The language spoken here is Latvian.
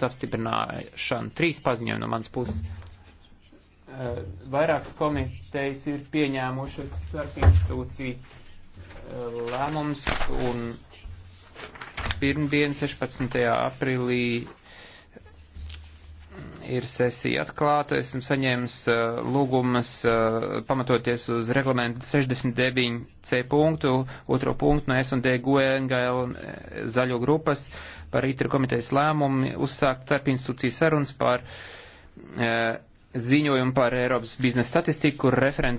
uz apstiprināšanu. Trīs paziņojumi no manas puses. Eh, vairākas komitejas ir pieņēmušas starp institūciju eh, lēmums un pirmdien 16. aprīlī ir sesija atklāta. Esmu saņēmis uh, lūgumas uh, pamatoties uz reglamentu 69C punktu, otro punktu no S&D GUNGL e, e, zaļo grupas par ITR komitejas lēmumu uzsākt starp institūciju sarunas par uh, ziņojumu par Eiropas biznesa statistiku, kur referents